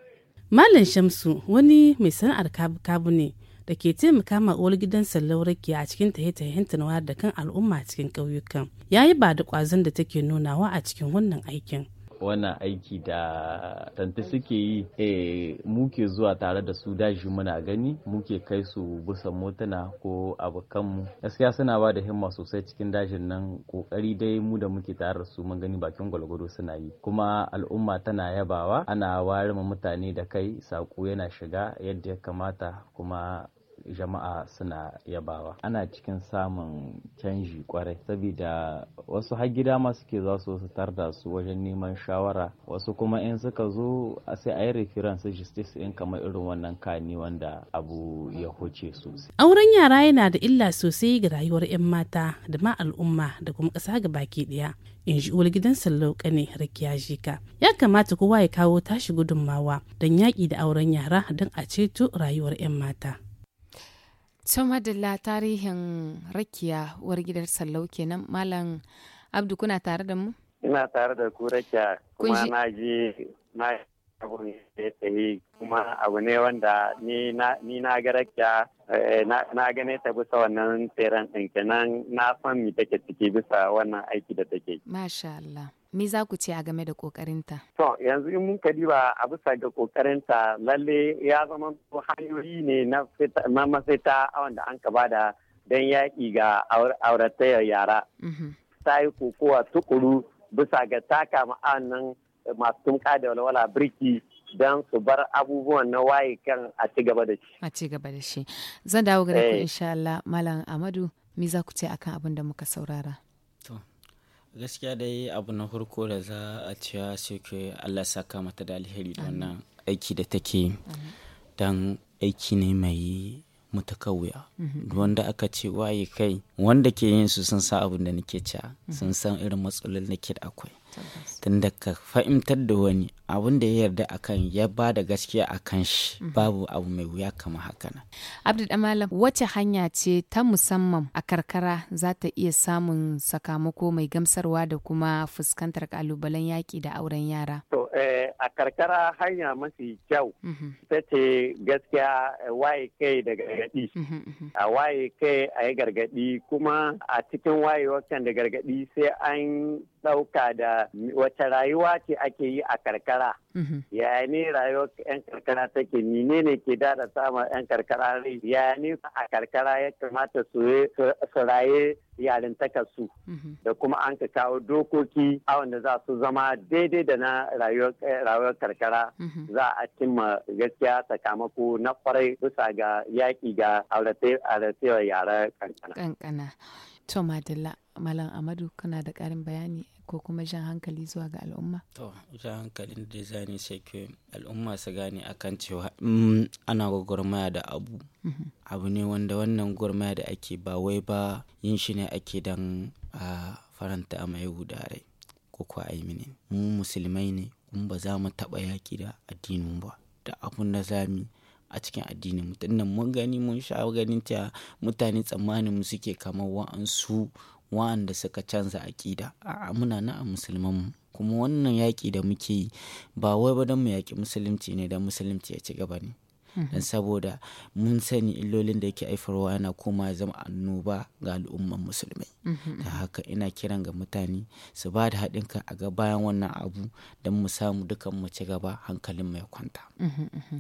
Malam Shamsu wani mai sana'ar kabu ne da ke taimaka ma uwar gidan sallauraki a cikin tahe-tahenta na da kan al'umma cikin ƙauyukan. Ya yi ba da ƙwazon da take nunawa a cikin wannan aikin. wannan aiki da tanti suke yi e eh, muke zuwa tare da su daji muna gani muke kai su busan motuna ko abokanmu gaskiya suna ba da himma sosai cikin dajin nan kokari dai mu da muke tare da su mun gani bakin gwalgwado suna yi kuma al'umma tana yabawa ana ware mutane da kai sako yana shiga yadda ya kamata kuma jama'a suna yabawa ana cikin samun canji kwarai saboda wasu har gida ma suke za su tar da su wajen neman shawara wasu kuma in suka zo sai a yi reference justice in kamar irin wannan kani wanda abu ya huce sosai. auren yara yana da illa sosai ga rayuwar 'yan mata da ma al'umma da kuma ƙasa ga baki ɗaya in ji uwar gidan sallauka ne rakiya jika ya kamata kowa ya kawo tashi gudunmawa don yaƙi da auren yara don a ceto rayuwar 'yan mata la tarihin rakiya war gidar sallau kenan Malam Abdu kuna tare da mu? Ina tare da ku rakiya kuma na ji na abu ne tsaye kuma abu ne wanda ni na ga rakiya eh, na gane ta bisa wannan tseren ɗin kenan na san mi take ciki bisa wannan aiki da take. Masha Allah. Me za ku ce a game da ƙoƙarinta? To, yanzu in mun diba a bisa ga kokarinta lalle ya zama hanyoyi ne na mafita wanda an ka bada don yaƙi ga auratayar yara. Mm-hmm. Ta yi kokowa tukuru bisa ga taka ma'anan masu tumka da walwala birki don su bar abubuwan na waye kan a ci gaba da shi. A ci gaba da shi. Zan dawo gare ku eh. insha Allah Malam Amadu, me za ku ce akan abin da muka saurara? gaskiya dai abu na farko da za a cewa sai ke allah saka mata da alheri da wannan aiki da take don aiki ne mai mutakawuya mhm. wanda aka ce waye kai wanda ke yin su sun san abin da nake cewa mhm. sun san irin matsalolin da ke da akwai tun da ka fahimtar da wani abun da ya yarda akan ya ba da gaskiya a kan shi mhm. babu abu mai wuya kama haka nan. Abdul Malam wace hanya ce ta musamman a karkara za ta iya samun sakamako mai gamsarwa da kuma fuskantar kalubalen yaƙi da auren yara? To eh, a karkara hanya mafi kyau mhm. ta ce gaskiya eh, waye kai da gargaɗi. Mhm, a waye kai a yi gargaɗi kuma a cikin wayewar kan da gargaɗi sai an ɗauka da wace rayuwa ce ake yi a karkara karkara mm-hmm. ya ne rayuwar 'yan karkara take mine ne ke da samun 'yan karkara rai ya ne a karkara ya kamata su raye su mm-hmm. da kuma an ka kawo dokoki a wanda za su zama daidai da na rayuwar karkara mm-hmm. za a cimma gaskiya sakamako na kwarai bisa ga yaƙi ga auratewar yara kankana. Kankana. Malam Amadu, kana da ƙarin bayani ko kuma jan hankali zuwa ga al'umma? To, jan hankalin da zani sai ke al'umma su gane akan cewa mm, ana gwagwarmaya da abu. Mm-hmm. Abu ne wanda wannan gwagwarmaya da ake ba wai ba yin shi ne ake dan a faranta ma mai rai ko kuwa aimini. Mu musulmai ne kuma ba za mu taɓa yaƙi da addinin ba. Da abun da zami a cikin addinin mu tunda mun gani mun sha ganin ta mutane tsammanin mu suke kamar wa'ansu wa'anda suka canza aƙida a muna na a musulman kuma wannan yaƙi da muke yi ba wai ba don mu yaƙi musulunci ne don musulunci ya ci gaba ne mhm. don saboda mun sani illolin da yake haifarwa yana koma zama annoba ga al'umman musulmai da mhm. haka ina kiran ga mutane su ba da haɗin kan a ga bayan wannan abu don mu samu dukan mu ci gaba hankalin mai kwanta mhm,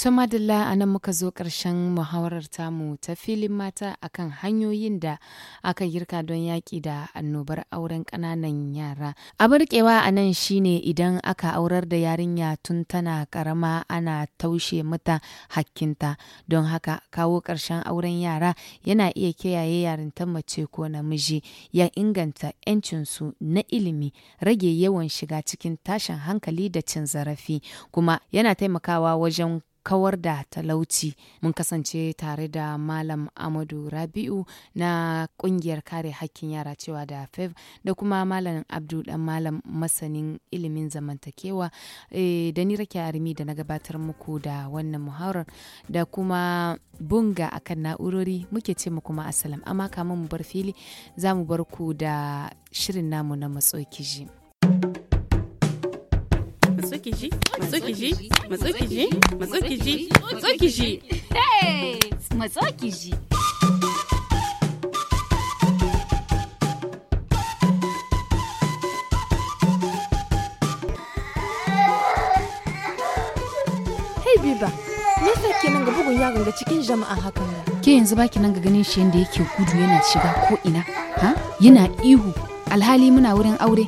To madalla a nan muka zo ƙarshen muhawarar tamu ta filin mata akan hanyoyin da aka girka don yaƙi da annobar auren ƙananan yara. Abarkewa a nan shine idan aka aurar da yarinya tun tana karama ana taushe mata hakkinta don haka kawo ƙarshen auren yara yana iya kiyaye yarintar mace ko namiji ya inganta 'yancinsu na ilimi rage yawan shiga cikin tashin hankali da cin zarafi kuma yana taimakawa wajen kawar da talauci mun kasance tare da malam amadu rabi'u na kungiyar kare hakkin yara cewa da fev da kuma malam abdu dan malam masanin ilimin zamantakewa eh, da ni rake armi da na gabatar muku da wannan muhawarar da kuma bunga akan na'urori muke ce mu kuma asalam amma kamun mu bar fili za mu bar ku da shirin namu na matsoki jim matsukiji matsukiji matsukiji matsukiji matsukiji hey matsukiji hey biba me yasa kenan ga bugun yaron ga cikin jama'a haka. ga ke yanzu baki nan ga ganin shi yanda yake gudu yana shiga ko ina ha yana ihu alhali muna wurin aure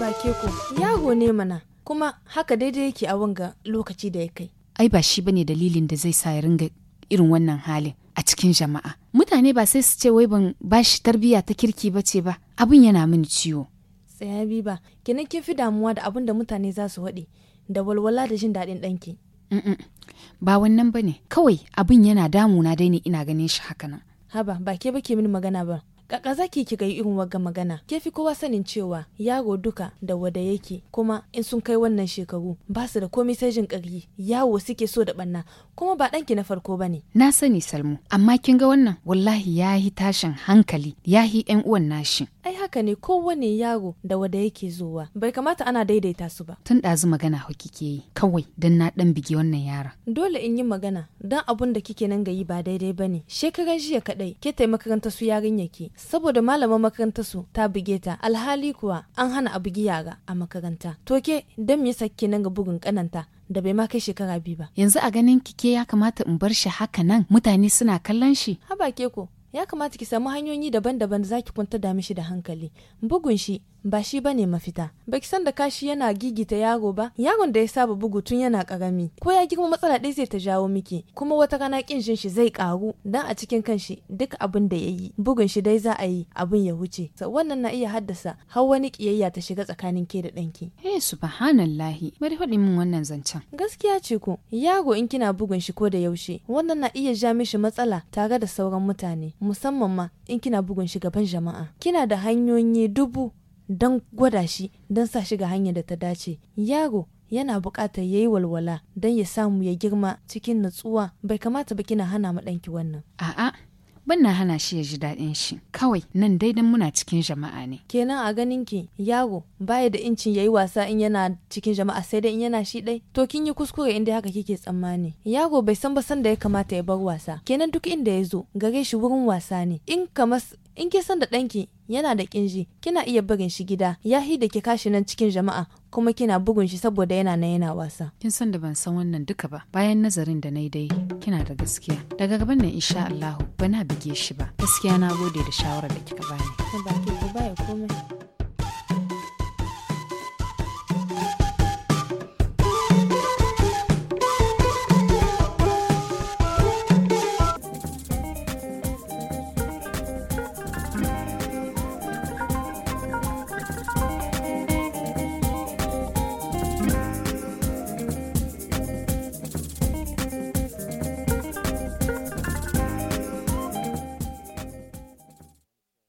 ba ke ko yago ne mana kuma haka daidai yake a wanga lokaci da ya kai ai ba shi bane dalilin da zai sa ya ringa irin wannan halin a cikin jama'a mutane ba sai su ce wai ban bashi tarbiyya ta kirki ba ce ba abin yana mini ciwo tsaya ba kenan kin fi damuwa da abin da mutane za su waɗe da walwala da jin daɗin ɗanki ba wannan ba ne kawai abin yana damuna dai ne ina ganin shi haka nan haba ba ke ba ke mini magana ba kaka zaki ki ga irin waga magana ke fi kowa sanin cewa yaro duka da wada yake kuma in sun kai wannan shekaru ba su da komai sai jin ƙarfi yawo suke so da banna kuma ba ɗanki na farko ba ne. Na sani Salmu, amma kin ga wannan wallahi ya yi tashin hankali ya yi ‘yan uwan nashi. Ai haka ne kowane yaro da wada yake zuwa bai kamata ana daidaita su ba. Tun ɗazu magana hau kike yi kawai don na ɗan bigi wannan yara. Dole in yi magana don abun da kike nan ga yi ba daidai ba ne. Shekaran jiya kaɗai ke tai makarantar su yarinya ke saboda malaman makarantar su ta buge ta alhali kuwa an hana a bugi yara a makaranta. To ke don me yasa nan ga bugun kananta da bai ma kai shekara biyu ba. Yanzu a ganin kike ya kamata in bar shi haka nan mutane suna kallon shi. Haba ke ko ya kamata ki samu hanyoyi daban-daban da ki kwanta da mishi da hankali. Bugun shi ba shi ba ne mafita baki san da kashi yana gigita yaro ba yaron da ya saba bugu tun yana karami ko ya girma matsala ɗaya zai ta jawo miki kuma wata rana kin shi zai karu dan a cikin kanshi duk abin da yayi bugun shi dai za a yi abin ya wuce so, wannan na iya haddasa har wani kiyayya ta shiga tsakanin ke da danki eh hey, subhanallahi bari faɗi min wannan zancen gaskiya ce ko yaro in kina bugun shi ko da yaushe wannan na iya ja mishi matsala tare da sauran mutane musamman ma in kina bugun shi gaban jama'a kina da hanyoyi dubu don gwada shi don sa shi ga hanyar da ta dace yaro yana buƙatar ya yi walwala don ya samu ya girma cikin natsuwa bai kamata ba kina hana mu ɗanki wannan a'a ban na hana shi ya ji daɗin shi kawai nan dai dan muna cikin jama'a ne kenan a ganin ki yaro baya da incin yayi wasa in yana cikin jama'a sai dai in yana shi dai to kin yi kuskure inda haka kike tsammani yaro bai san ba san da ya kamata ya bar wasa kenan duk inda ya zo gare shi wurin wasa ne in kamar in ke san da ɗanki yana da ƙinji kina iya barin shi gida ya da ki kashi nan cikin jama'a kuma kina bugun shi saboda yana na yana wasa kin san da ban san wannan duka ba bayan nazarin da na dai kina da gaskiya daga gaban nan insha Allahu na bige shi ba gaskiya na gode da shawarar da kika bani ba ki ba ya komai